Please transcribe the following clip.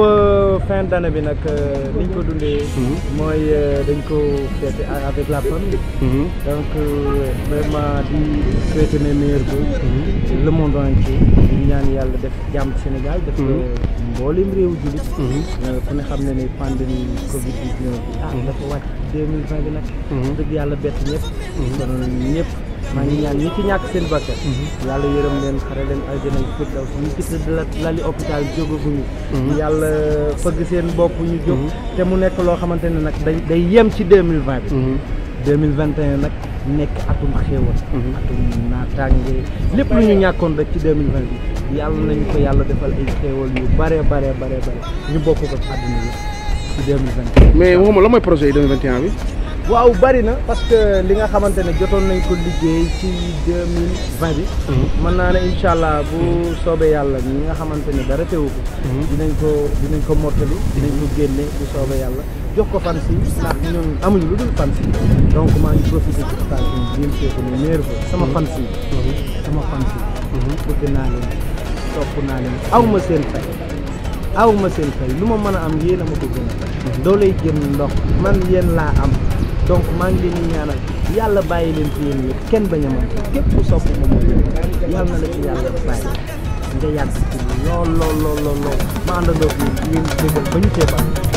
waaw fin d'année bi nag euh, ni ñu ko dundee. Mhm. mooy euh, dañ ko fête avec la famille. Mhm. donc euh, vraiment di souhaiter mes meilleurs vœux. Mhm. le monde entier di ñaan yàlla def jàmm Sénégal. def mboolem réew jullit. ku xam ne ne pandémie Covid 19 bi. ah dafa wàcc bi nag. dëgg yàlla bett ñëpp. kon ñëpp. maa ngi ñaan ñu ci ñàkk seen bakkan yàlla yërëm leen xare leen aljana firdaws ñi ci tëdd lali hôpital jógaguñu mhm. yàlla fëgg seen bopp ñu jóg mhm. te mu nekk loo xamante ne nag day day yem ci 2020 bi 2021 mhm. nag nekk atum xéewal atum naataange lépp lu ñu ñàkkoon rek ci 2020 bi yàlla nañu ko yàlla defal ay xéewal yu bare bare bare bare ñu bokk ko ci àdduna bi ci 2021 mais waxuma la mooy projet yi 2021 bi waaw bari na parce que li nga xamante ne jotoon nañ ko liggéey ci deux mille bi. Mhm. mën naa ne incha allah bu soobee yàlla ñi nga xamante ne dara teewu ko. Mhm. dinañ ko dinañ ko mottali dinañ ko génne bu soobee yàlla jox ko fan si ndax ñun amuñu lu dul fan si donc maa ngi profité ci occasion bi jéem see mu meer ko sama mhm. fan si. sama fan si. naa leen topp naa leen aw ma seen fay. aw ma seen fay lu ma mën a am yéen a ma ko gën a fay. ndox man yéen laa am. donc maa ngi leen di ñaanal yàlla bàyyi leen fi yéen ñëpp kenn bañ a mën képp ku sopp moom la yàlla na la ci yàlla bàyyi nga yàgg ci lool lool lool lool lool ma àndandoo fi yéen ba ñu cee